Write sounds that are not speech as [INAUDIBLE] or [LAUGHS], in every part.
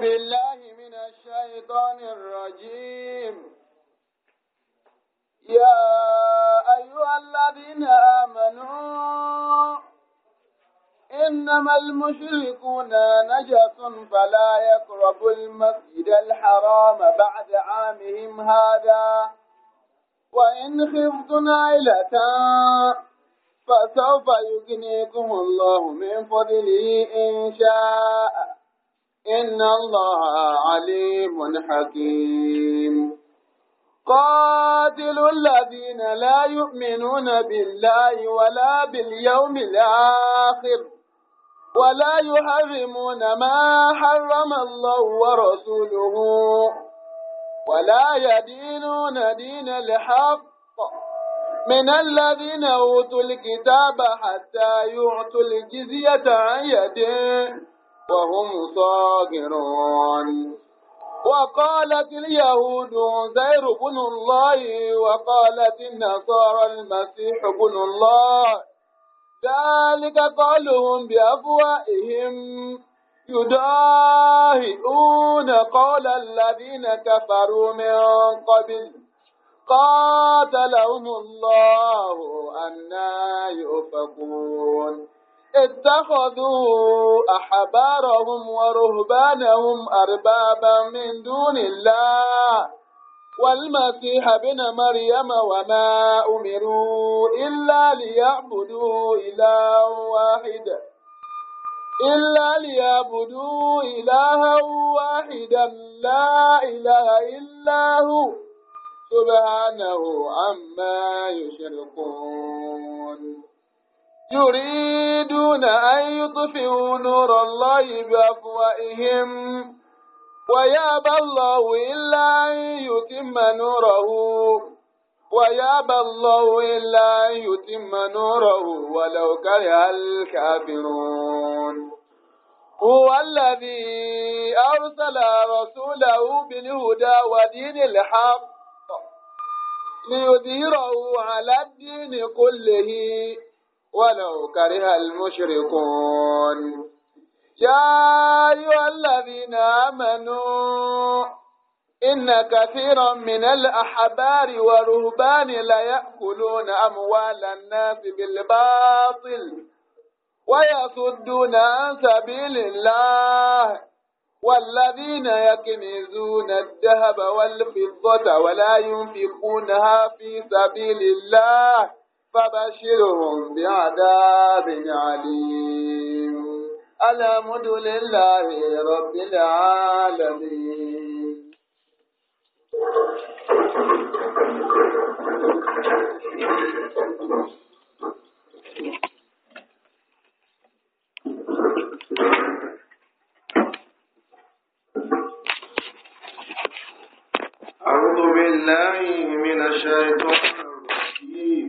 بالله من الشيطان الرجيم يا أيها الذين آمنوا إنما المشركون نجس فلا يقربوا المسجد الحرام بعد عامهم هذا وإن خفتم عيلة فسوف يغنيكم الله من فضله إن شاء إن الله عليم حكيم قاتل الذين لا يؤمنون بالله ولا باليوم الآخر ولا يحرمون ما حرم الله ورسوله ولا يدينون دين الحق من الذين أوتوا الكتاب حتى يعطوا الجزية عن يدين وهم صاغرون وقالت اليهود زير بن الله وقالت النصارى المسيح بن الله ذلك قولهم بأفوائهم يداهئون قول الذين كفروا من قبل قاتلهم الله أنا يؤفكون اتخذوا أحبارهم ورهبانهم أربابا من دون الله والمسيح ابن مريم وما أمروا إلا ليعبدوا إلها واحدا إلا ليعبدوا إلها واحدا لا إله إلا هو سبحانه عما يشركون يريدون أن يطفئوا نور الله بأفوائهم ويابى الله إلا أن يتم نوره ويابى الله إلا أن يتم نوره ولو كره الكافرون هو الذي أرسل رسوله بالهدى ودين الحق ليظهره على الدين كله ولو كره المشركون يا أيها الذين آمنوا إن كثيرا من الأحبار والرهبان ليأكلون أموال الناس بالباطل ويصدون عن سبيل الله والذين يكنزون الذهب والفضة ولا ينفقونها في سبيل الله فبشرهم بعذاب عليم الحمد لله رب العالمين أعوذ بالله من الشيطان الرجيم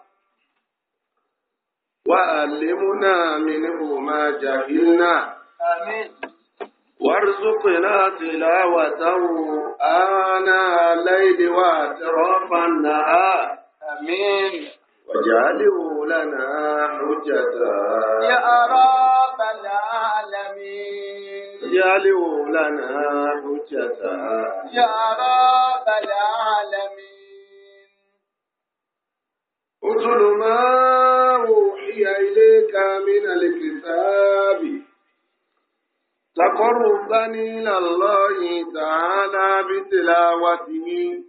وعلمنا منه ما جهلنا آمين وارزقنا تلاوته آناء الليل وأطراف النهار آمين واجعله لنا حجة يا رب العالمين اجعله لنا حجة يا رب العالمين اتل إليك من الكتاب تقربني إلى الله تعالى بتلاوته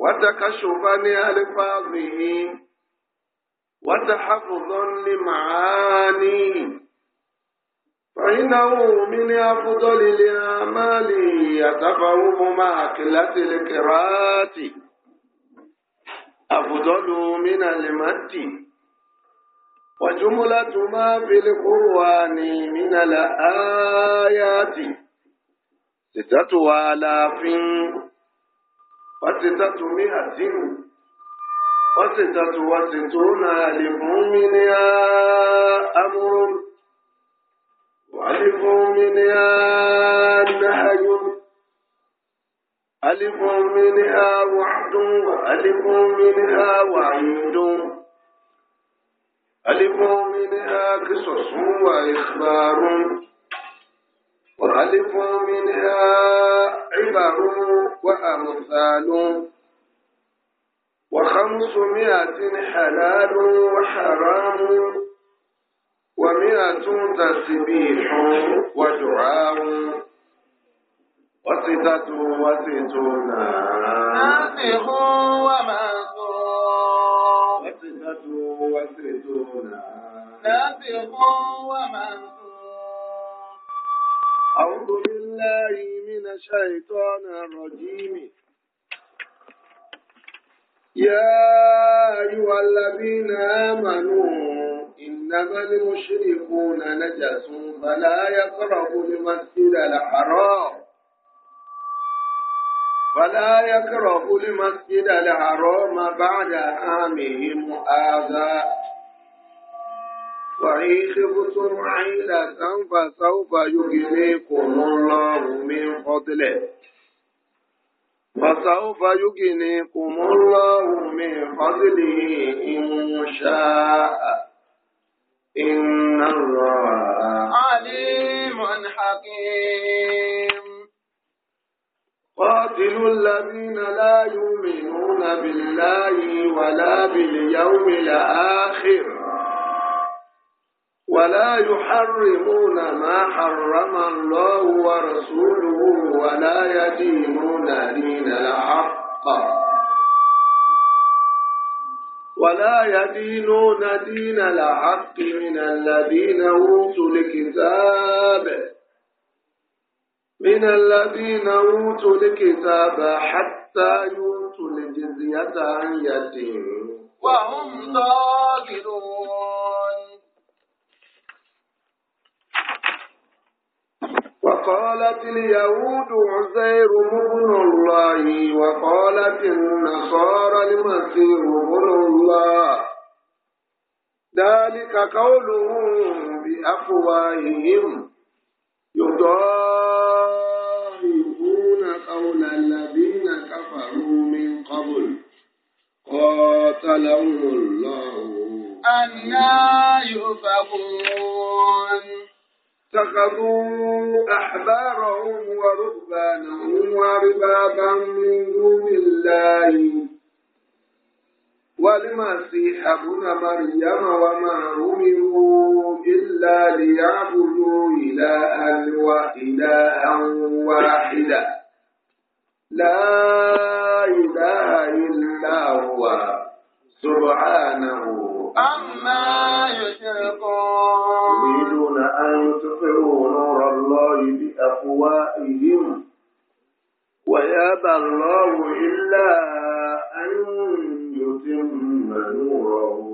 وتكشفني ألفاظه وتحفظا لمعانيه فإنه من أفضل الأعمال يتفهم مع قلة القراءة أفضل من المد وجملة ما في القرآن من الآيات ستة آلاف وستة مئة وستة وستون ألف منها أمر وألف منها نهي ألف منها وعد وألف منها وعيد ألف منها قصص وإخبار وألف منها عبر وأمثال وخمسمائة حلال وحرام ومائة تسبيح ودعاء وستة وستون ناسخ ومنصور وستون نافق ومنصور أعوذ بالله من الشيطان الرجيم يا أيها الذين آمنوا إنما المشركون نجس فلا يقربوا المسجد الحرام فلا يقربوا المسجد الحرام بعد عامهم هذا وإن خفتم عيلة فسوف يغنيكم الله من فضله فسوف يغنيكم الله من فضله إن شاء إن الله عليم حكيم قاتلوا الذين لا يؤمنون بالله ولا باليوم الآخر ولا يحرمون ما حرم الله ورسوله ولا يدينون دين الحق ولا يدينون دين الحق من الذين أوتوا الكتاب من الذين أوتوا الكتاب حتى يؤتوا الجزية عن يد وهم صاغرون وقالت اليهود عزير ابن الله وقالت النصارى المسيح ابن الله ذلك قولهم بأفواههم يضاهي قول الذين كفروا من قبل قاتلهم الله أنا يؤفكون اتخذوا أحبارهم ورهبانهم وربابا من دون الله والمسيح ابن مريم وما أمروا إلا ليعبدوا إلها وإلها واحدا layide aha hị le ụwa soro anahụ dona ayụ topeụrrụ lọọ ụwa iri kwanye bala ọwụe nlea anyaụụ dị zi ụna aụ nwụrụwụ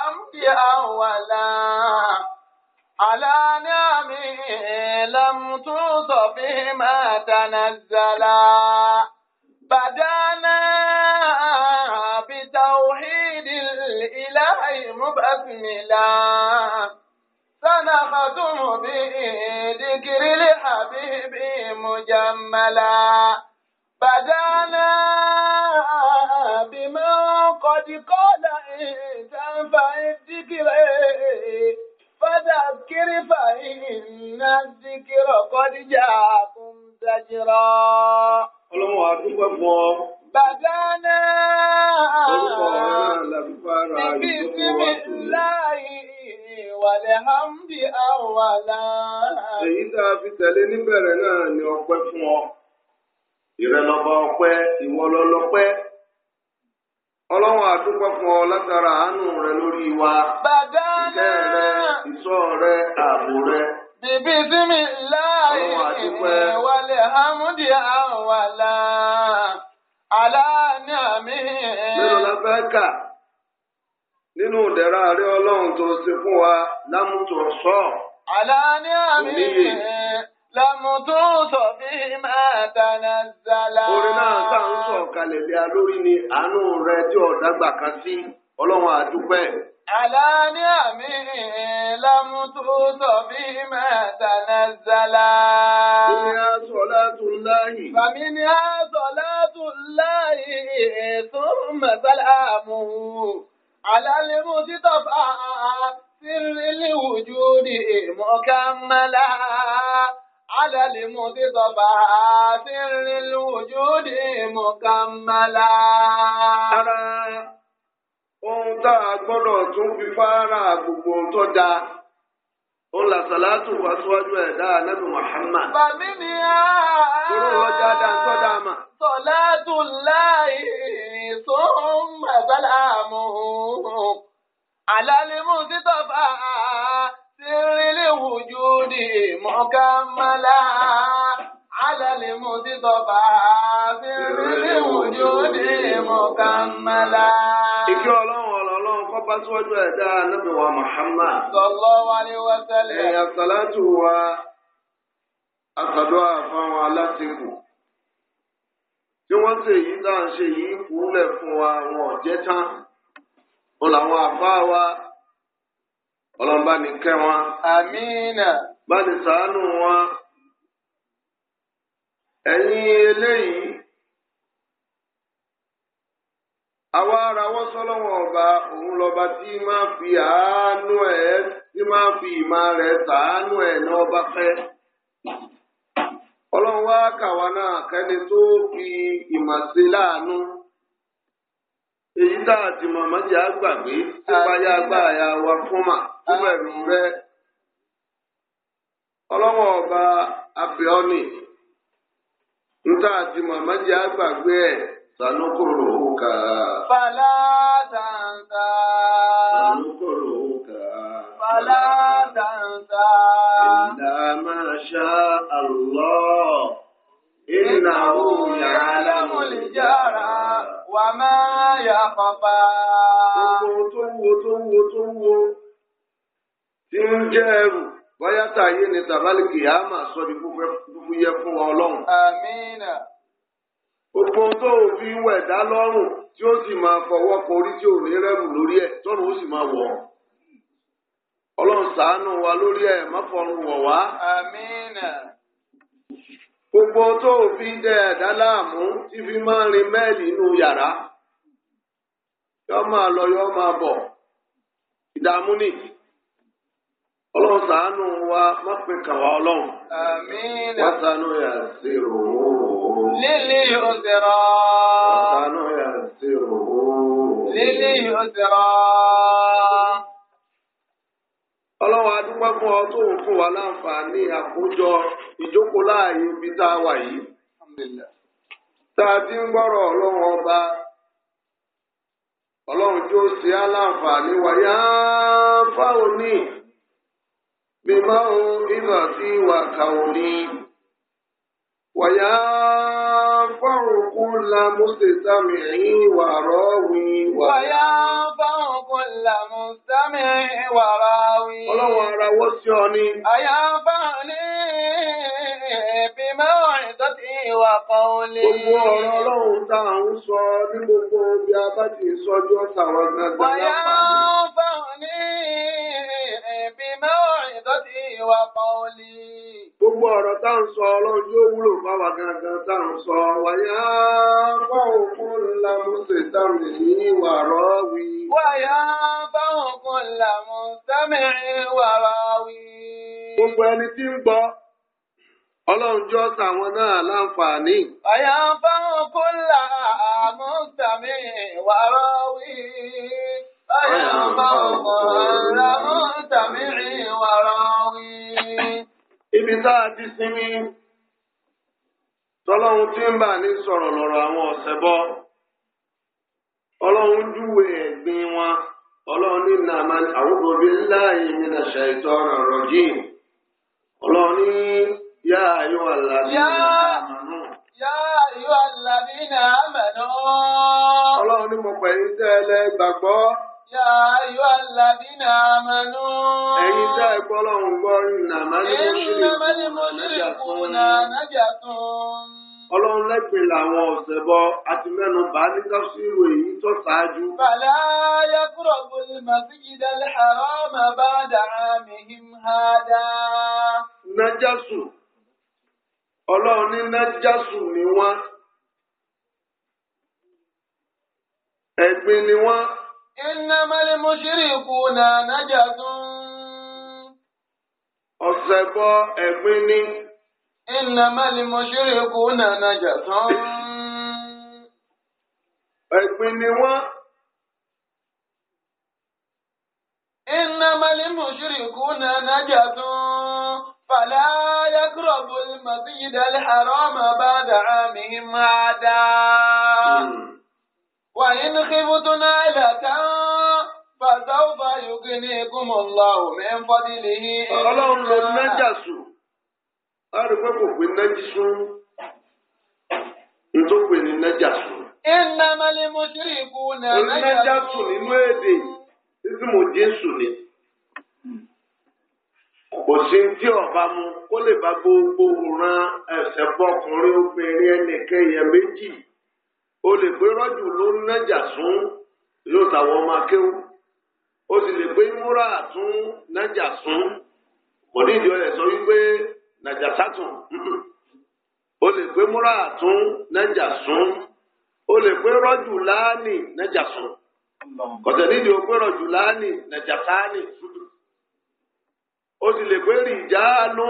أولا على نعم لم توصف ما تنزلا بدانا بتوحيد الإله مبسملا سنختم بذكر الحبيب مجملا بدانا قد قال إن تنفع الذكر فذكر فإن الذكر قد جاءكم زجرا بدانا بسم الله والحمد أولا èyí tá a fi tẹ̀lé níbẹ̀rẹ̀ náà ni ọpẹ́ fún ọ ìrẹ̀lọ́ba ọpẹ́ ìwọ lọ́lọ́pẹ́. ọlọ́run àdúpọ̀ látara àánú rẹ lórí wa. bàbá náà ìṣẹ́ rẹ ìṣọ́ rẹ ààbò rẹ. bìbí sí mi láàyè ìwàlẹ̀ hamdi àwàlà aláàánú àmì. kà nínú ìdẹ̀ra rẹ ọlọ́run tó ṣe fún wa lámùtò Lámùtúntò fi máa tànà zàlá. Orin náà tá ń sọ kalẹ̀ lé a lórí ni àánú rẹ tí ọ̀dàgbà kan sí ọlọ́run àdúpẹ́. Àlá ní àmì lámùtúntò fi máa tànà zàlá. Bàmí ní àsọ̀látùláyì. Bàmí ní àsọ̀látùláyì ètò màsálàmù. Àlá lè mú títọ́ fà á. سر الوجود مكملا على المضطبعات للوجود مكملا ara ohun tá a gbọ́dọ̀ tún fi fara gbogbo tó dáa ó la sàlátù wá síwájú ẹ̀dá anábì Muhammad. bàmí ni a. irú ọjà dáńtọ́ dáa mà. sọ̀látù láì tó ń bàbá làmú. àlálẹ́ mú títọ́ bá a. سر الوجود wujudi على المضطبع سر الوجود مكملا Fásiwájú ẹ̀dá Ànábì wa Muhammad. Sallallahu alaihi wa sallam. Ẹ̀yà wa wa àtàdúrà wa alásìkò. Tí wọ́n ṣe èyí tá à ń ṣe yìí kúnlẹ̀ fún wa wọn ò jẹ́ tán. Ó làwọn àbá wa. ọlọ́mbà ní kẹ́ wọn. àmínà. bá ti sàánú wọn. ẹ̀yin eléyìí. àwa ara wọ́n sọ́lọ́wọ́n ọba òun lọ́ba tí máa fi àánú ẹ̀ tí máa fi ìmọ̀ rẹ̀ sàánú ẹ̀ ní ọba fẹ́. ọlọ́run wá kàwa náà kẹ́ni tó fi ìmọ̀ sí láàánú èyí tá a ya wa fún nínú ẹ̀rù rẹ ọlọ́wọ́ ọba abiọ́nì Nta àti màmá jẹ́ àgbàgbé ẹ̀ sanukoro òkà. fàlà tàǹtà. sanukoro òkà. fàlà tàǹtà. ìdá máa ṣá àlọ́. إنه يعلم الجار وما يخفى. Tó wo tó wo tó wo tó wo. tí ń ẹrù bóyá tààyè ni tàbálì sọ di gbogbo yẹ fún wa ọlọ́run. àmínà. gbogbo tó o fi wẹ̀ dá lọ́rùn tí ó sì máa fọwọ́ orí tí ò ní rẹ́rù lórí ẹ̀ ó sì máa wọ̀ ọ́. ọlọ́run wa lórí ẹ̀ má fọrùn wọ̀ wá. tó o fi rin mẹ́ẹ̀lì inú yàrá. lọ yọ máa bọ̀ ìdààmú nìyí. ọlọ́run sàánú wa má pè kàn ọlọ́run. àmín. wá ṣàánú yà sí òwò. lílì òsèrò. wá ṣàánú yà sí òwò. lílì òsèrò. ọlọ́run adúpẹ́ fún ọ tó ń fún wa àkójọ ìjókòó láàyè ibi tá wà yìí. tá ọba. ọlọ́run ṣe á láǹfààní fáwọn بموعظتي وقولي وينفع كل مستمع وراوي وينفع كل مستمع وراوي ọlọ́wọ́ ara wọ́n sí ọ ní. àyànfà ní بموعظتي وقولي. gbogbo ọ̀rọ̀ ọlọ́run tá à ń sọ ní gbogbo ibi abájì ìsọjọ́ tàwọn gbàgbà. wa qawli. Gbogbo ọ̀rọ̀ tá ń sọ ọlọ́run yóò wúlò fáwa gangan tá ń sọ wáyà báwọn kún lámúṣe dáhùn ní wàrọ̀ wí. Wáyà báwọn kún lámúṣe mẹ́rin wàrọ̀ wí. Gbogbo ẹni tí ń gbọ́. Ọlọ́run jọ́ tàwọn náà láǹfààní. Àyà ń fáwọn kó là àmú sàmì wí. Àyà ń fáwọn kó là àmú sàmì wí. ibi tá a ti sinmi tọ́lọ́hun tí ń bà ní sọ̀rọ̀ lọ́rọ̀ àwọn ọ̀sẹ̀ bọ́ ọlọ́hun júwe ẹ̀gbin wọn ọlọ́hun ní nàmá a'udhu billahi minash shaitani rrajim ọlọ́hun ní yá ayọ́ àlàbí àmànú. yá ayọ́ àlàbí nà àmànú. ọlọ́hun ní mo pẹ̀lú tẹ́lẹ̀ gbàgbọ́. Ya ayọ̀ àlàdínà àmàlú. Ẹ̀yin tá ẹ gbọ́ lọ́hùn gbọ́ ìnàmálẹ̀ mọ́ṣúrì. Ìnàmálẹ̀ mọ́ṣúrì kùnà nájà tún. Ọlọ́run lẹ́gbẹ̀ẹ́ làwọn ọ̀sẹ̀bọ àti mẹ́nu bá ní tọ́sírò èyí tó ṣáájú. Bàlá yakúrọ̀ gbòòlì màsíjìdá lẹ́hàrọ́ màbá dàrá mìhìm hádà. Nájàsù ọlọ́run ní nájàsù ni wọ́n. Ẹ̀gbin ni wọ́n innamal mushrikuna najasun. ọ̀sẹ̀ bọ́ ẹ̀gbin ní. innamal mushrikuna najasun. ẹ̀gbin ni wọ́n. innamal mushrikuna najasun. fala yakrabul masjidal harama ba'da amihim hada. وإن خفتم عيلة فسوف يغنيكم الله من فضله Ọlọ́run ló إنما المشركون نجس. kò sí tí ọba mu kó lè bá gbogbo ran ẹsẹ̀ bọkùnrin obìnrin ẹnìkẹyẹ méjì. o lè pé rọ́jù ló ń sún yóò tàwọn ọmọ akéwù o sì lè pé múra tún nájà sún ọ̀rẹ́ sọ wípé nàjà sátùn [LAUGHS] o lè pé múra tún nájà sún o lè pé rọ́jù láàánì nájà sún kọ̀tẹ̀ nídìí o pé rọ́jù láàánì nàjà sáánì o sì lè pé rìjálù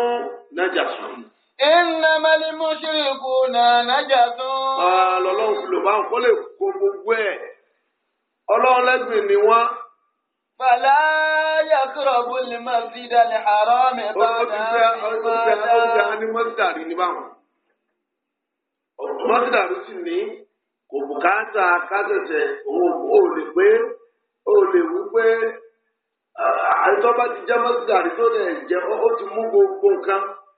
nájà sún. إنما المشركون نجس. Ọlọ́run fi lò bá ń kọ́ lè kó gbogbo ẹ̀. Ọlọ́run lẹ́gbìn ni wọ́n. Fàlá yàtúrọ̀ bó lè má fi dalẹ̀ àárọ̀ mi bá dá. Ó ti jẹ́ ní mọ́sítàrí ní báwọn. Mọ́sítàrí sì ní kò bùkátà kásẹ̀sẹ̀ òun ò lè pé ó lè wú pé àìsàn bá ti jẹ́ mọ́sítàrí tó dẹ̀ jẹ́ ó ti mú gbogbo nǹkan.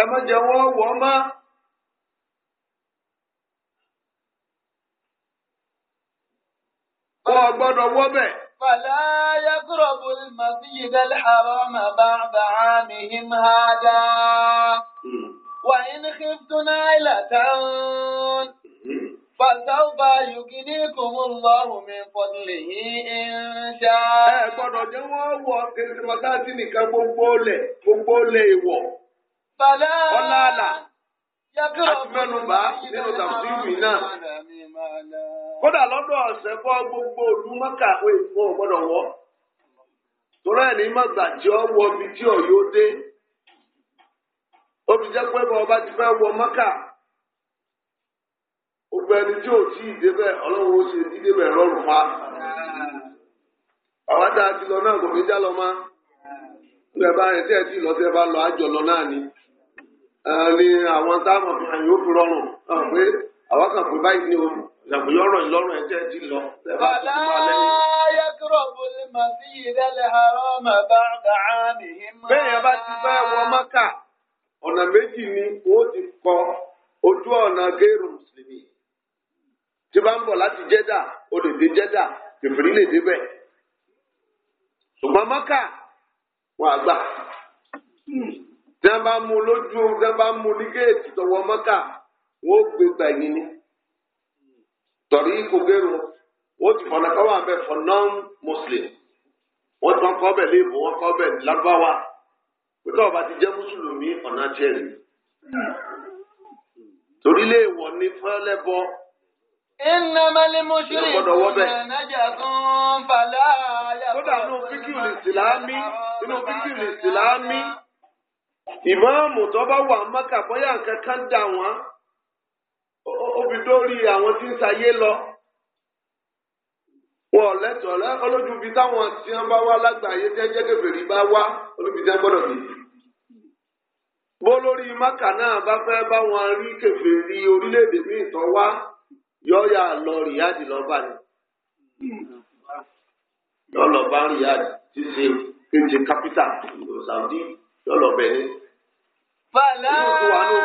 ẹ má jẹ́ wọ́n wọ́ mọ́. wọ́n gbọ́dọ̀ wọ́ bẹ̀. Fàlá yaqrabu al-masjid al-haram ba'da 'amihim hada. Hmm. Wa in khiftum 'ailatan. فسوف يغنيكم الله من فضله إن شاء. Ẹ gbọ́dọ̀ jẹ́ wọ́n wọ kìrìsìmọ́tà sí nìkan gbogbo lẹ̀ gbogbo lẹ̀ ìwọ̀. ọlá àlà àti mẹ́nubà nínú tàbùsírù yìí náà. kódà lọ́dọ̀ ọ̀sẹ̀ fọ́ gbogbo olùmọ́kà òye fún ọ̀gbọ́dọ̀ wọ́. torí ẹ̀ ní mọ̀gbà tí wọ tí ọ̀ yóò dé. jẹ́ pé ọba ti fẹ́ wọ mọ́kà. gbogbo ẹni tí ò tí ì débẹ̀ ọlọ́run ó ṣe rọrùn pa. àwa dáa ti lọ náà kò já lọ mọ́. bá tí ni àwọn táwọn fún àyè ó fi rọrùn pé àwọn kan pé báyìí ni o ìyàgbé yọrọ ìlọrùn ẹjẹ ti lọ. bàlá yàtúrọ̀ bùnú màsí ìdálẹ̀ àárọ̀ màbá dàámi. bẹ́ẹ̀ yẹn bá ti fẹ́ wọ mọ́kà ọ̀nà méjì ni ti kọ ojú ọ̀nà mùsùlùmí. o lè dé jẹ́dà lè débẹ̀. ṣùgbọ́n mọ́kà àgbà. tí wọ́n bá mú lójú tí wọ́n bá mú ní géètì tọwọ́ mọ́kà wọ́n ó gbé gbẹ̀yìn ni tọ̀rí kògéru ó ti fọ̀nà kọ́ wà bẹ́ẹ̀ for non muslim wọ́n tán kọ́ bẹ̀ léèbù wọ́n kọ́ bẹ̀ lágbáwá pété ọba ti jẹ́ mùsùlùmí ọ̀nà jẹ́rìí torí lè wọ̀ ní fẹ́lẹ́bọ. innamal mushrikuna najasun fala yaqrabu. kódà nínú fíkìlì ìsìlámì nínú fíkìlì ìsìlámì ìmáàmù tó bá wà mọ́kà bóyá nǹkan kan dà wọ́n obì dórí àwọn tí ń sayé lọ wọn ò lẹ́tọ̀ọ́ olójú bíi táwọn tí wọ́n bá wá lágbàáyé jẹ́jẹ́ kẹfìrí bá wá olóbi jẹ́ gbọ́dọ̀ bí. bó lórí mọ́kà náà bá fẹ́ bá wọn rí kẹfìrí orílẹ̀-èdè míì tó wá yọ̀ọ́yà lọ rìádìí lọ́ba ni lọ́lọ́ bá rìádìí ti ṣe kéde kápítà Saudi. lọ́lọ́ bẹ̀rẹ̀. Fàlà. Inú ti wà ní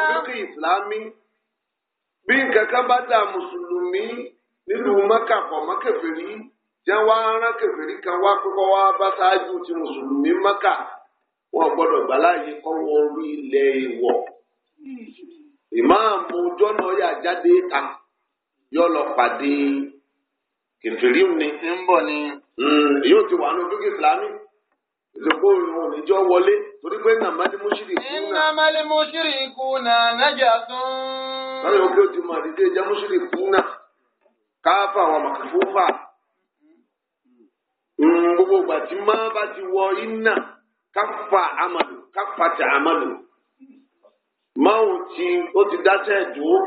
ìsìlámì. Bí nǹkan kan bá dà Mùsùlùmí nílùú Mẹ́kà pọ̀ mọ́ kèfèrí, jẹ́ wá rán kèfèrí kan wá kókó wá bá ṣáájú ti Mùsùlùmí Mẹ́kà. Wọ́n gbọ́dọ̀ gbà láàyè kọ́ orí ilẹ̀ ìwọ̀. Ìmáàmù ọjọ́ náà yà lọ pàdé ni. Ń bọ̀ ni. Hmm, yóò ti wà ní ìsìnkú ìrìn oníjọ́ wọlé torí pé nàmálí mọ́ṣírì kú náà. nàmálí mọ́ṣírì kú náà nájà tún. lọ́rọ̀ yóò gbé ojúmọ̀ àdídé ẹja mọ́ṣírì kú náà káfà àwọn màkàfó fà. gbogbo ìgbà tí má bá ti wọ iná káfà amadu káfà tẹ amadu. máwùn tí ó ti dáṣẹ́ dùn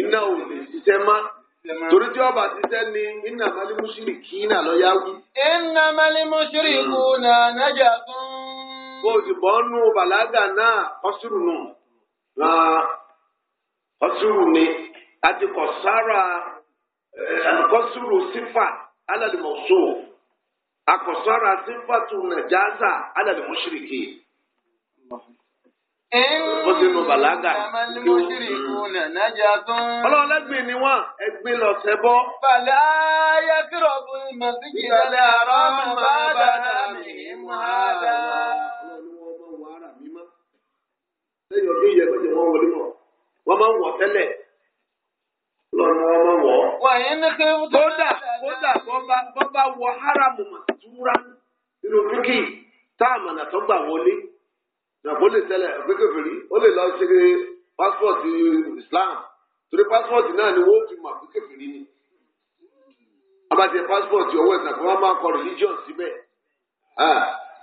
iná ò lè ṣiṣẹ́ máa. torí tí ọba ti tẹ́ ni iná mali musiri kí iná lọ yá wí. iná mali nà nájà tún. bó o ti bọ́ nù bàlágà náà ọ̀sùrù nù ọ̀sùrù ni àti kọ̀sára eh, kọ̀sùrù sífà alálìmọ̀sọ àkọ̀sára sífà tún Ọ ti nu bàlágà kí ọlọ́run lẹ́gbẹ̀ẹ́ ni wọ́n ẹgbẹ́ lọ sẹ́bọ́. bàlá àárọ̀ bá mi mú àdá. wọ́n máa ń wọ̀ tẹ́lẹ̀ wọn wàyí ní kí n tó dà kódà bá wọ haramu màtúrà nínú dúkìá tá àmàlà tó gbà wọlé. ìyàpò lè tẹ́lẹ̀ gbẹ́kẹ̀fẹ̀rí ó lè lọ ṣe pásítọ̀tì Islam torí pásítọ̀tì náà ni wọ́n fi mọ̀ gbẹ́kẹ̀fẹ̀rí ni abàtì pásítọ̀tì ọwọ́ ẹ̀sìn àfọwọ́ máa kọ religion síbẹ̀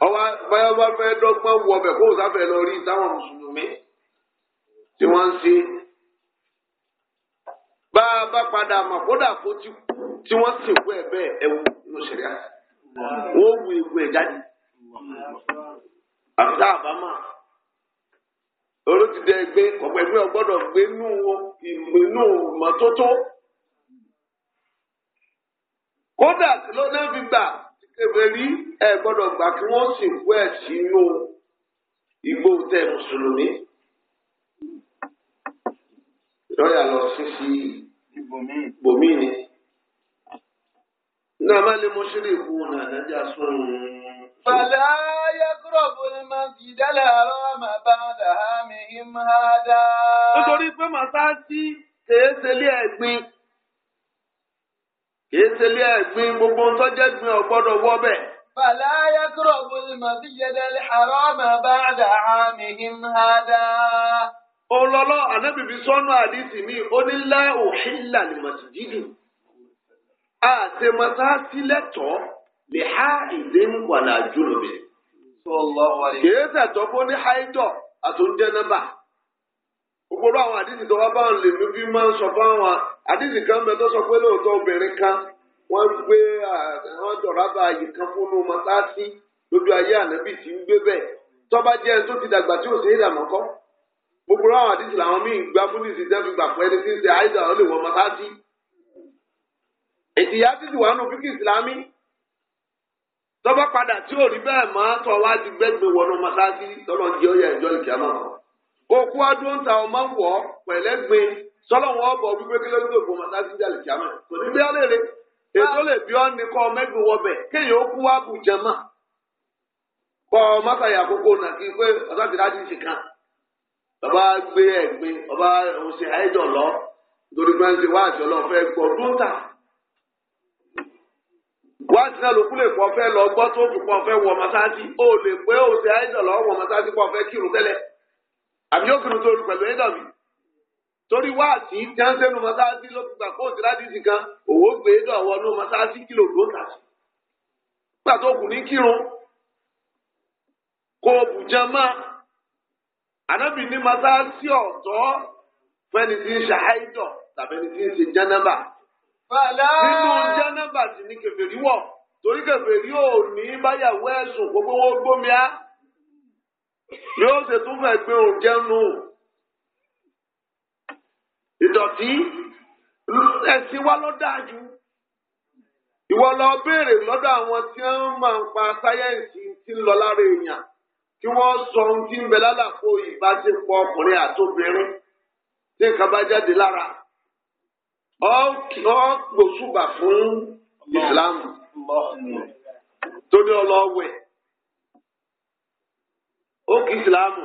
ọwọ́ báyọ̀ bá fẹ́ dọ́gbọ́n wọ ọbẹ̀ kó o sáfẹ́ lọ rí táwọn mùsùlùmí tí wọ́n ń ṣe bá a bá padà mọ̀ kódà kó tí wọ́n sìnkú ẹ̀ bẹ́ẹ̀ ẹ̀wù ló ṣẹlẹ̀ wọ́n wù ewu ẹ̀ jáde àbúrò àbámọ̀ olódìdẹ ẹgbẹ́ ọ̀pọ̀ ẹgbẹ́ ọgbọ́dọ̀ gbé inú inú mọ́tótó kódà lọ́nà gbígbà kébèrí ẹ gbọ́dọ̀ gbà kí wọ́n sì kú ẹ̀ sínú igbó tẹ mùsùlùmí lọ́yà lọ sí sí ibòmíì ni. Nàmá lè mọ ṣeré ìkú wọn àdájá sọ́run. Fàlà Yakuro Bolima Gidala Rọ́mà Bàdà Hami Imhada. Nítorí pé màsáàsì kèé ṣelé ẹ̀gbin. Kèé ṣelé ẹ̀gbin gbogbo ń tọ́jẹ́ gbin ọ̀gbọ́dọ̀ wọ́bẹ̀. Fàlà Yakuro Bolima Gidala Rọ́mà Bàdà Hami Imhada. Olọ́lọ́ ànábìbí sọ́nù àdìsí mi, ó ní láì òṣìlà ní màsídìdì. àti se lẹ́tọ̀ọ́ lè há ìdè ń wà láàjú lómi. kìí sẹ̀tọ́ fún ní haidọ̀ àtúndé nọ́mbà. gbogbo àwọn àdìsí tó wá bá lè mú bí máa ń sọ fún àdìsí kan bẹ sọ pé lóòótọ́ obìnrin kan wọ́n gbé àwọn dọ̀rábà ayé kan fúnnú mọ́sáàsì lójú ayé ànábì tí ń gbé bẹ́ẹ̀ tọ́ba jẹ́ ẹni tó ti dàgbà tí ò sí ìdààmú kọ́. gbogbo àwọn àdìsí làwọn míì gbá èdè yá ti wà nù fíkì ìsìlámì tọ́ba padà tí ò rí bẹ́ẹ̀ máa tọ́ wá ti gbẹ́gbẹ́ wọnú mọ́sáàsì tọ́lọ́ jẹ́ ọ̀yà ìjọ ìkẹ́mọ̀ òkú adóńtà ọmọ wọ̀ pẹ̀lẹ́gbin sọlọ́wọ́n ọ̀bọ̀ wípé kí lóṣù tó mọ́sáàsì jẹ́ kò ní bí ètò lè bí ọ́ ní kọ́ kéèyàn ó kú kọ́ àkókò pé ọ̀sán wáàtí náà ló kú lè pọ̀ fẹ́ lọ gbọ́ tó kù pọ̀ fẹ́ wọ masáàtì ó lè pé ó ṣe àìsàn lọ wọ masáàtì pọ̀ fẹ́ kírun tẹ́lẹ̀ àbí ó kírun tó rú pẹ̀lú ẹ̀dọ̀ mi torí wáàtí jánsẹ́nu masáàtì ló fi gbà kó òsì ládìsí kan òwò gbé ẹ̀dọ̀ wọnú masáàtì kìlò ló kà sí. nígbà tó kù ní kírun kó o bùjá máa ní masáàtì ọ̀tọ̀ fẹ́ni tí ń ṣe àìsàn tàbí ẹni tí ń ṣe jánábà nínú jẹ́nẹ́bà sì ni kèfèrí wọ̀ torí kèfèrí ò ní báyàwó ẹ̀sùn gbogbo wọn gbómi á yóò ṣe tún fẹ́ gbé òun jẹ́nu ìdọ̀tí ẹ̀sìn wa ló dáa jù ìwọ lọ béèrè lọ́dọ̀ àwọn tí wọ́n máa ń pa sáyẹ́ǹsì tí ń lọ lára èèyàn kí wọ́n sọ ohun tí ń bẹ lálàpọ̀ ìbáṣepọ̀ ọkùnrin àtobìnrin tí nǹkan bá jáde lára ọ gbòsùbà fún ìsìlámù torí ọlọ́wẹ̀ ó kì ìsìlámù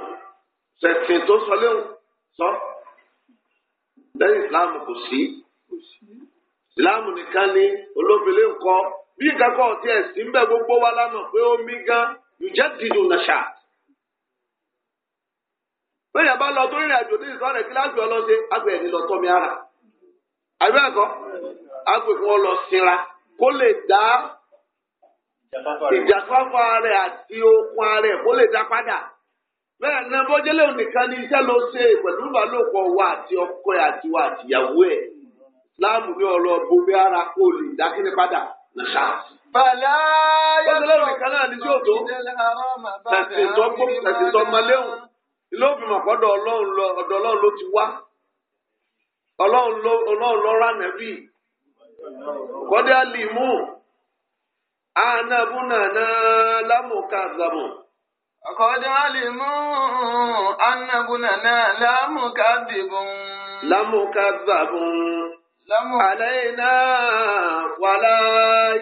ṣẹ̀sìn tó sọ léwu sọ lẹ́yìn ìsìlámù kò sí ìsìlámù nìkan ni olóbìnrin nǹkan bí nǹkan kan ọtí ẹ̀sìn ń bẹ gbogbo wa lámọ̀ pé omi gan yùjẹ́ dìdù nàṣà bẹ́ẹ̀ yẹn bá lọ tó rìnrìn àjò ní ìsọ̀rẹ́ kí láti ọlọ́dẹ agbẹ̀yẹ̀ ni mi ara. àbí ẹ̀kọ́ agbègbè wọn lọ sinra kó lè dá ìjàfáfá rẹ àti okun rẹ̀ kó lè dá padà bẹ́ẹ̀ náà bọ́jẹ́lẹ̀ nìkan ni iṣẹ́ ló ṣe pẹ̀lú ìbálòpọ̀ wa àti ọkọ ẹ̀ àti wa àtìyàwó ẹ̀ ní ọ̀rọ̀ ara kó lè dá kíni padà Bàlá yóò náà tó. ti wá. ọlọ́run lọ́ra nàbí kọ́dá limu anabunana lamukazamu. kọ́dá limu anabunana lamukazibun. lamukazabun. lamukazabun. alayna wàlá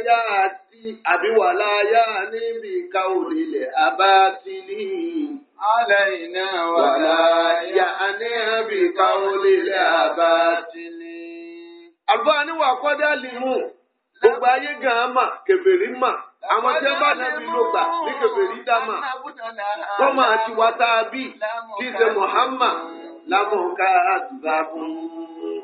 yáàtì. àbíwàlá yá níbi ká òlilẹ̀ abátìlì. Alẹ́ iná wàlá yá níbi ká òlilẹ̀ abátìlì. Àbá níwà kọ́dá limu, gbogbo ayé gan-an mà, kèfèrí mà àwọn tí wọn bá nàbí ló gbà ní kèfèrí dámà wọn máa ti wá tá a tí ṣe Muhammad lámọ̀ọ́ká àdúrà fún un.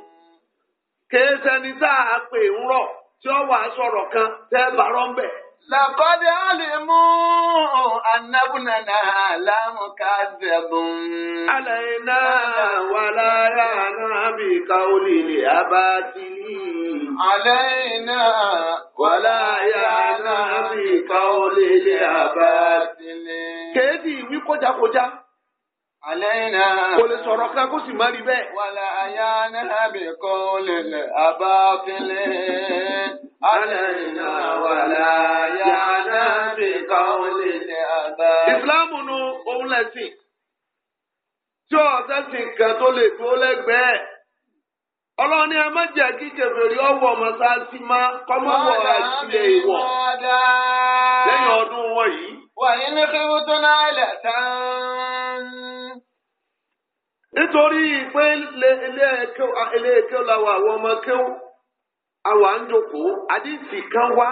tá a pè ń rọ̀ tí ó wàá sọ̀rọ̀ kan tẹ́ bá rọ́ ń bẹ̀. Làkọ́dé àlèmú anábùnàná lámùkàdẹ̀bùn. Àlàyéná wà láyà náà bí káwọ́lì lè abátí. Àlàyéná wà láyà náà bí káwọ́lì lè abátí. Kéèdì ìwí kójákójá kò lè sọ̀rọ̀ kan kó sì má rí bẹ́ẹ̀. wàlà àyà nàbì kan lèlè àbáfilẹ̀ àlẹ́nà wàlà àyà nàbì kan lèlè àbáfilẹ̀. ìsìláàmù nu òun lẹ́sìn tí ọ̀sẹ̀ sì kan tó lè dúró lẹ́gbẹ̀ẹ́ ọlọ́ni ẹ má jẹ́ kí kèfèrí ọwọ́ ọmọ sáàsì má kọ́mọ́wọ́ ilé ìwọ̀ lẹ́yìn ọdún wọ̀nyí. wàyí ní kí wọ́n tó náà lẹ̀ tán. nítorí pé ilé-ẹ̀kẹ́ làwọn àwọn ọmọ kéwù àwọn àńdòkó àdìsí kan wá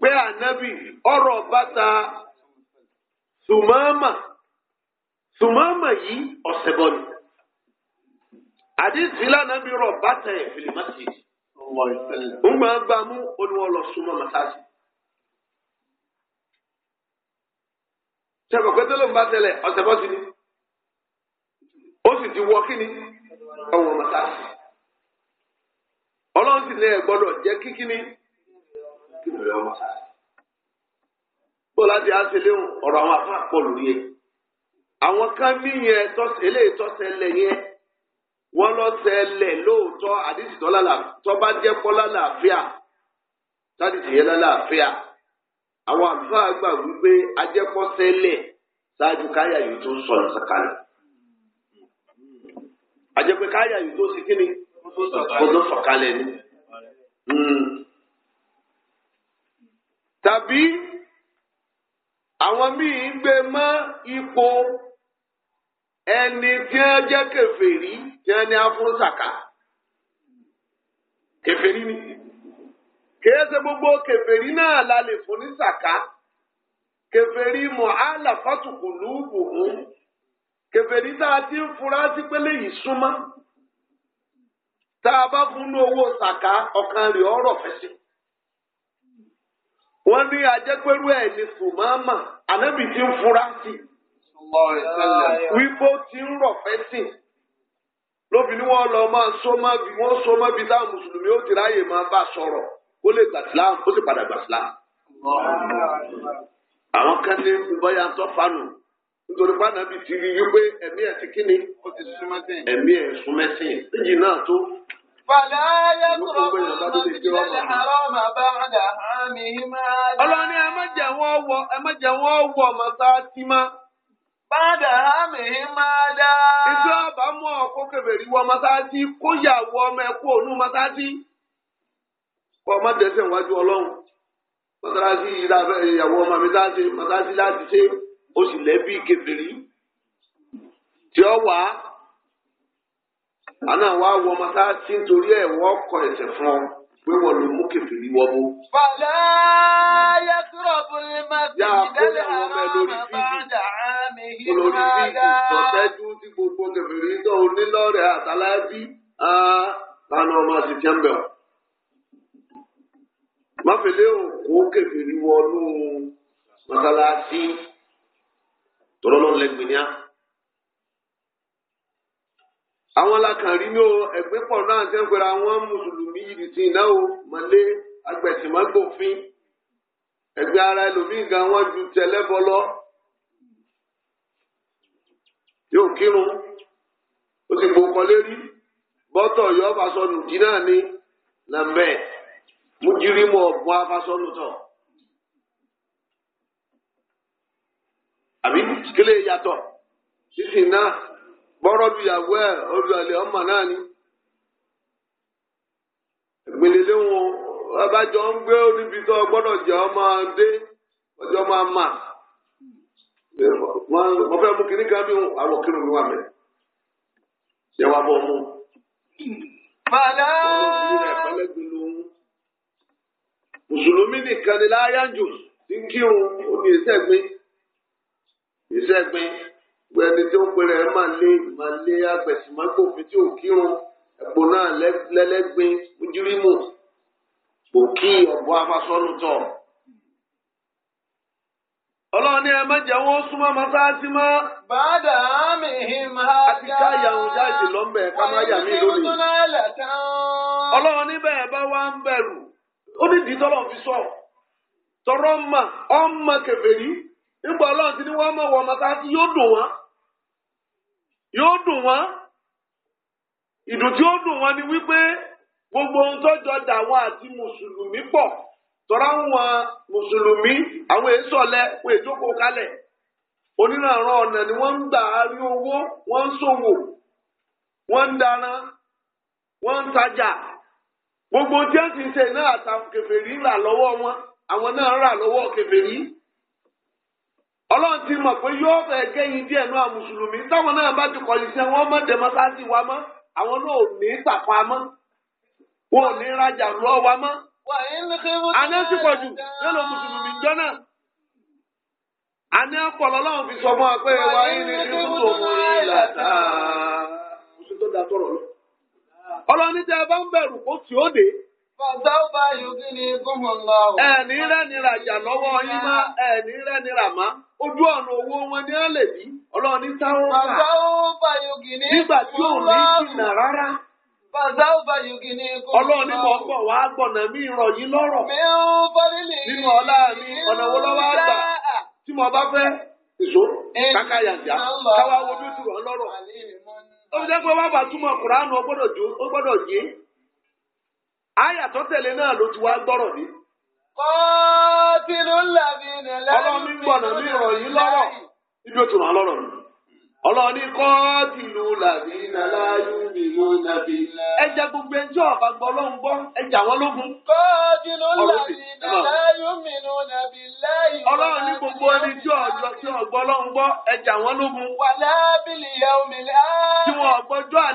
pé ànábì ọ̀rọ̀ bàtà sùmọ́mà sùmọ́mà yìí ọ̀sẹ̀ bọ́ ni àdìsí lànàbì rọ̀ bàtà ẹ̀ fìlìmọ́sì ń gbà mú sì ti wọ kíni ọwọ́ mọ́tàsí ọlọ́run sì ní ẹ gbọ́dọ̀ jẹ́ kíkíní kíni ọ̀rẹ́ ọmọ sáà bó láti á àwọn afá pọ̀ lórí àwọn kan níyẹn eléyìí yẹn wọ́n lọ sẹlẹ̀ lóòótọ́ àdìsí tọ́ba jẹ́ pọ́ sádìsí yẹn àwọn wípé káyà yìí tó àjẹpẹ káyà yìí tó ṣe kíni kó tó sọ̀kalẹ̀ ni. Hmm. tàbí àwọn míì ń gbé mọ́ ipò ẹni tí wọ́n jẹ́ kèfèrí tí wọ́n ní afúnṣàkà kèfèrí ni kìí gbogbo kèfèrí náà la lè fún ní sàká kèfèrí mọ àlàfàtùkù lùbùkún kèfèrí tá a ti ń fura sí pé léyìí súnmọ́ tá a bá fún ní owó sàká ọkàn rẹ̀ ọ̀rọ̀ fẹsẹ wọ́n ní ajẹpẹrú ẹ ní sùmọọmọ ànábì ti ń fura sí wípé ó ti ń rọ̀ fẹsẹ lóbi ni wọ́n lọ máa so máa bi wọ́n so táwọn mùsùlùmí ó ti ráàyè máa bá sọ̀rọ̀ ó lè gbà sílámù ó sì padà gbà sílámù àwọn kan ní bóyá tó fanù nítorí pàdánù bíi ti rí wípé ẹ̀mí ẹ̀ ti kíni ẹ̀mí ẹ̀ sún mẹ́sìn náà tó. Fàlẹ́ ayé fún ọmọdé àrọ́mà bá àdá àmì hímá. Ọlọ́ni ẹ má jẹ́ wọ́n wọ ẹ má má. Bàdà àmì hímá dá. Ìjọ bá mú ọkọ kẹfẹ́rí wọ mọ́sáàtì kó yà wọ ọmọ ẹ̀kú ònú mọ́sáàtì. Kọ́ ọmọ dẹ́sẹ̀ wájú Ọlọ́run. Mọ́sáàtì ìyàwó ọmọ mi dáṣe láti ṣe ó sì lẹ́bí kẹfìrí tí ó wà á àná wa wọ mọ́sáàsì nítorí ẹ̀ wọ́n kọ ẹ̀sẹ̀ fún ọ pé wọ́n ló mú kẹfìrí wọ́n bó. fàlẹ́ yẹ kúrò bùnlé máa fi ìdálẹ́ àwọn ọmọ bá dà á mi yí olórí bíi ìtọ́sẹ́jú tí gbogbo kẹfìrí tó onílọ́rẹ̀ àtàlábí lánàá ọmọ àti tẹ́ḿbẹ̀ ọ̀. máfèlé òkú kẹfìrí wọnú mọ́sálásí tọrọ lọ lẹgbẹ ní a. àwọn alákànrí ní o ẹgbẹ́ pọ̀ náà ṣe ń pera àwọn mùsùlùmí yìí ti iná o mọ̀lẹ́ agbẹ̀sìmọ́gbòfin ẹgbẹ́ ara ẹlòmíì gan wọ́n ju tẹlẹ́bọ lọ. yóò kírun ó sì gbòkọ lérí bọ́tọ̀ yọ ọ́ fasọ̀nù dínà ni làmbẹ́ mujirimu ọ̀gbọ́n afasọ̀nù tọ̀. àbí kílè yàtọ̀ sísìn náà bọ́rọ̀ lùyàwó ẹ̀ olùyàlẹ̀ ọmọ náà ni. ìpele léwọn abájọ ń gbé níbi tó gbọ́dọ̀ jẹ́ ọmọ dé ọjọ́ máa mà wọ́n fẹ́ mú kínní kan bí àwọn kírun ní wà mẹ́ yẹ wà bọ̀ mú. Fàlà. Mùsùlùmí nìkan ni láyájú tí ń kírun ó ní ìṣẹ́gbẹ́. ìṣẹ́gbin ẹni tó ń pèrè ẹ̀ máa lé máa lé tí ò kírun ẹ̀pọ̀ náà lẹ́lẹ́gbin kò kí ọ̀bọ afasọ́nù tọ̀. ọlọ́run ní ẹ jẹ́ wọ́n súnmọ́ mọ́sáàsì mọ́. bàdà mi hìmà dá. àti káyà ń jáde lọ́nbẹ̀ ká má yà mí lórí. ọlọ́run níbẹ̀ bá wá ń bẹ̀rù ó ní ìdí tọ́lọ̀ fi sọ tọrọ mà ipò ọlọ́run ti ní wọ́n mọ̀ wọ́n mọ́sáàsì yóò dùn wọ́n yóò dùn wọ́n ìdùn tí ó dùn wọ́n ni wípé gbogbo ohun tó jọ dà wọn àti mùsùlùmí pọ̀ tọ́ra wọn mùsùlùmí àwọn èso ọ̀lẹ́ èjókòó kalẹ̀ onírànràn ọ̀nà ni wọ́n ń gbà á rí owó wọ́n ń wọ́n ń wọ́n ń gbogbo tí wọ́n ti ń ṣe náà wọn àwọn náà rà lọ́wọ́ kèfèrí. ọlọ́run ti mọ̀ pé yóò fẹ́ gẹ́yìn díẹ̀ náà mùsùlùmí táwọn náà bá ti kọ̀yìn sí wọn mọ́ dẹ́mọ́sáàsì wa mọ́ àwọn náà ò ní tàpá mọ́ wọn ò ní rajà wa mọ́. àná pọ̀ jù mùsùlùmí jọ náà. àná fi sọ pé wà á ní lọ́wọ́ yín má nira má. ojú ọ̀nà owó wọn ni wọ́n lè bí ọlọ́run ní sáwọ́n bá. bàbá ó bá yogi ní nígbà tí òun ní jìnnà rárá. bàbá ó bá yogi ní kó. ọlọ́run ní mọ̀ pọ̀ wá gbọ̀nà mi rọ̀ yín lọ́rọ̀. mi ò bọ́lí lè rí nínú ọlá mi ọ̀nà wo lọ́wọ́ àgbà tí mo bá fẹ́ ìṣó káká yàjà káwá wo bí ó ti rọ̀ ọ́ lọ́rọ̀. ó fi jẹ́ pé wọ́n bá túmọ̀ kùránù ó gbọ́dọ̀ yé. àyà tó tẹ̀lé náà ló ti wá gbọ́rọ̀ ní. kọ́ọ́ kìlú làbí ní láyé. ọlọ́run ní gbọ̀nà mi rọ̀ yín lọ́rọ̀ ibi òtún náà lọ́rọ̀ rẹ̀. ọlọ́run ní kọ́ kìlú làbí ní láyé mímú nàbí. ẹ jẹ́ gbogbo ẹjọ́ ọ̀bá gbọ́ ọlọ́run gbọ́ ẹ jà wọ́n lógun. kọ́ kìlú làbí ní láyé mímú nàbí láyé. ọlọ́run ní gbogbo ẹni tí ọjọ́ tí ọgbọ́ ọlọ́run gbọ́ ẹ jà wọ́n lógun. wàlá yẹ omi lá. tí wọn ọgbọ́jọ́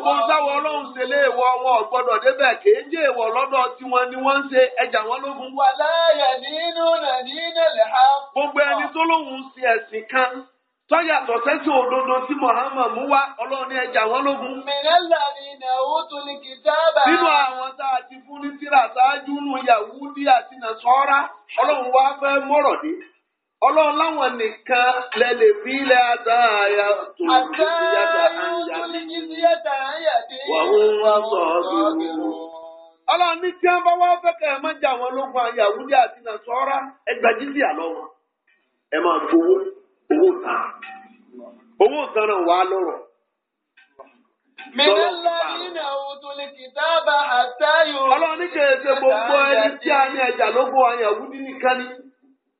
gbogbo táwọn ọlọ́run ṣe lé ìwọ wọn gbọ́dọ̀ kìí jẹ ìwọ lọ́dọ̀ tí wọ́n ni wọ́n ń ṣe ẹjà wọn lógun. wà láyà nínú gbogbo ẹni tó lóun ṣe ẹ̀sìn kan tọ́yàtọ̀ sẹ́sìn òdodo tí mú wá ẹjà wọn lógun. ni tó kí dábàá. nínú àwọn tá a ti fún ní ṣáájú nù Yahudi àti ọlọ́run láwọn nìkan lẹ́lẹ̀ bí ilẹ̀ adá ayá tó yàtà àyà wọ́n wá sọ bí wọ́n. ọlọ́run ní tí wọ́n bá wá fẹ́kẹ́ ẹ má jà wọn àti nàṣọ́ra ẹgbà jíjí ẹ máa owó owó náà wà Ọlọ́run ní gbogbo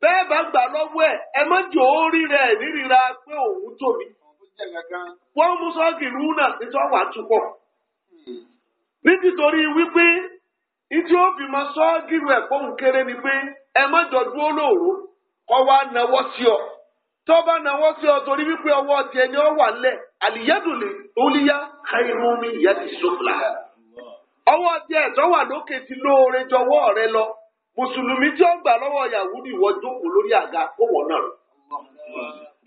bẹ́ẹ̀ bá gbà lọ́wọ́ ẹ̀ ẹ má jò ó ríra ẹ̀ nírira pé òun tóbi. wọ́n mú sọ́ọ̀kì rú náà nítorí wàá túpọ̀. nítorí wípé ìdí òbí máa sọ́ọ̀kì rú ẹ̀ fóun kéré ni pé ẹ má jọ dúró lóòró kọ́ wá nawọ́ sí ọ. tó bá nawọ́ sí ọ torí wípé ọwọ́ tiẹ̀ ni ọ wà lẹ̀ àlìyádùnlé olíyá káyọ̀mí ìyá ti sọ́fìlà. ọwọ́ tiẹ̀ tó wà lókè ti lóore jọwọ́ rẹ lọ. mùsùlùmí tí ó gbà lọ́wọ́ ìyàwó ni ìwọ jókòó lórí àga kó wọ́n náà.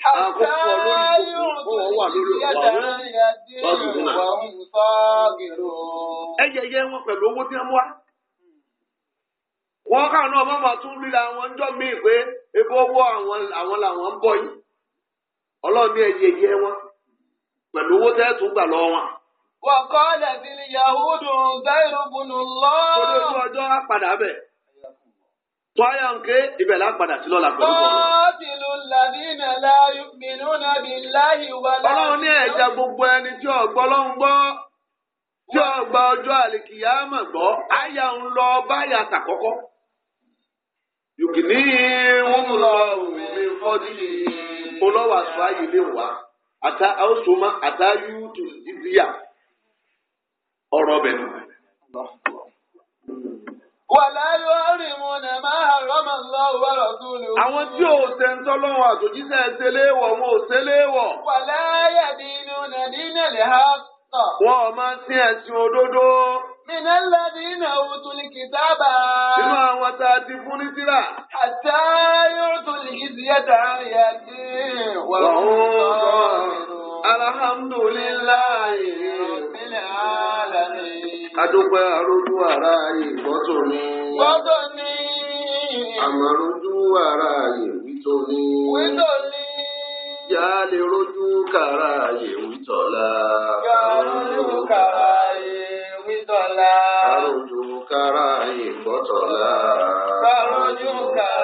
Àkókò lórí kókò wọ́n wà lórí ọ̀gbọ̀n. Ẹyẹyẹ wọn pẹ̀lú owó tí wọ́n wá. Wọ́n káwọn náà máa tún líra wọn jọ́ míì pé ebi owó àwọn làwọn ń bọ̀ yìí. Ọlọ́run ní wọn pẹ̀lú owó tún gbà lọ́wọ́ wọn. Wọ́n kọ́ Yahudu ọjọ́ á Tọ́yà ń ké ibẹ̀ lápadà sí lọ́la pẹ̀lú bọ́ọ̀lù. Kọ́ọ̀tìlù làdínà láàyò mìíràn nàbí láàyè wà Ọlọ́run ní ẹ̀já gbogbo ẹni tí ọ̀gbọ́ lọ́hún gbọ́ tí ọgbà ọjọ́ àlìkìyà mà gbọ́ àyà ń lọ báyà tàkọ́kọ́. Yòkìní wọn mú lọ òmìnir fọ́dí olówó àṣọ ayé lè wá àtà àwòsùnmá àtà yúùtù ìdíyà ọ̀rọ̀ bẹ̀rẹ̀. Àwọn tí ò ṣe ń tọ́lọ́wọ́ àtòjíṣẹ́ ṣẹlẹ̀ wọ̀ wọn ò ṣẹlẹ̀ wọ̀. Wàlá yàdí inú nàdí nàlẹ́ ha tọ̀. Wọ́n máa ń sin ẹ̀sìn òdodo. Mìnà lẹ́ni iná òtún ní kìtàbà. Inú àwọn tá a ti fún ní síra. Àtá yóò tún lè yí síyẹ́ tà yẹ sí wọ́n sọ. Alhamdulilayi. Ìrọ̀bílẹ̀ á adúpẹ́ arójú ara ìgbọ́tò ni. gbọ́dọ̀ ni. àmọ̀rojú ara ìwítò ni. wítò ni. yà á lè rojú kàrà ìwítọ̀la. yà á rojú kàrà ìwítọ̀la. arójú kàrà ìgbọ́tọ̀la. arójú kàrà.